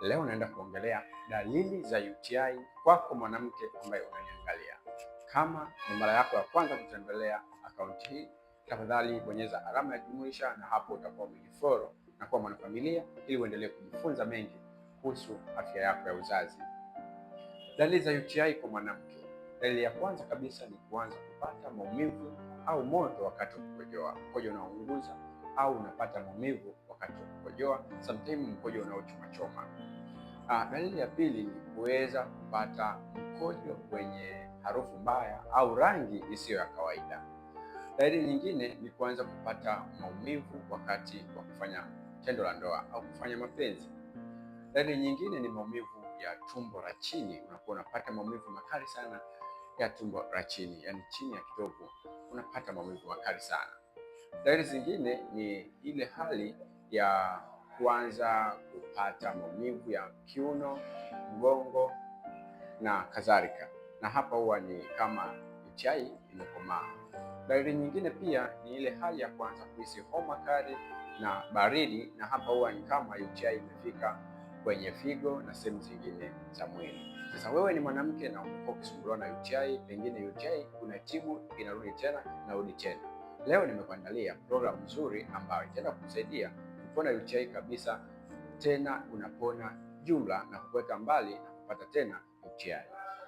Leo naenda kuongelea dalili za UTI kwako mwanamke ambaye unaniangalia. Kama ni mara yako ya kwanza kutembelea akaunti hii, tafadhali bonyeza alama ya jumuisha, na hapo utakuwa umejifollow na kuwa mwanafamilia, ili uendelee kujifunza mengi kuhusu afya yako ya uzazi. Dalili za UTI kwa mwanamke. Dalili ya kwanza kabisa ni kuanza kupata maumivu au moto wakati wa kukojoa, mkojo unaounguza au unapata maumivu wakati wa kukojoa, sometimes mkojo unaochomachoma. Dalili ah, ya pili ni kuweza kupata mkojo wenye harufu mbaya au rangi isiyo ya kawaida. Dalili nyingine ni kuanza kupata maumivu wakati wa kufanya tendo la ndoa au kufanya mapenzi. Dalili nyingine ni maumivu ya tumbo la chini. Unakuwa unapata maumivu makali sana ya tumbo la chini, yani chini ya kitovu unapata maumivu makali sana. Dalili zingine ni ile hali ya kuanza kupata maumivu ya kiuno, mgongo na kadhalika, na hapa huwa ni kama chai imekomaa. Dalili nyingine pia ni ile hali ya kuanza kuhisi homa kali na baridi, na hapa huwa ni kama UTI imefika kwenye figo na sehemu zingine za mwili. Sasa wewe ni mwanamke na umekuwa ukisumbuliwa na UTI, pengine UTI unatibu, inarudi tena, narudi tena Leo nimekuandalia programu nzuri ambayo itaenda kukusaidia kupona UTI kabisa, tena unapona jumla na kukuweka mbali na kupata tena UTI.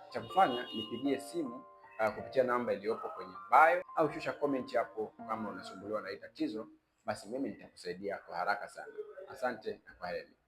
Cha kufanya nipigie simu uh, kupitia namba iliyopo kwenye bio au shusha comment hapo kama unasumbuliwa na hii tatizo, basi mimi nitakusaidia kwa haraka sana. Asante na kwaheri.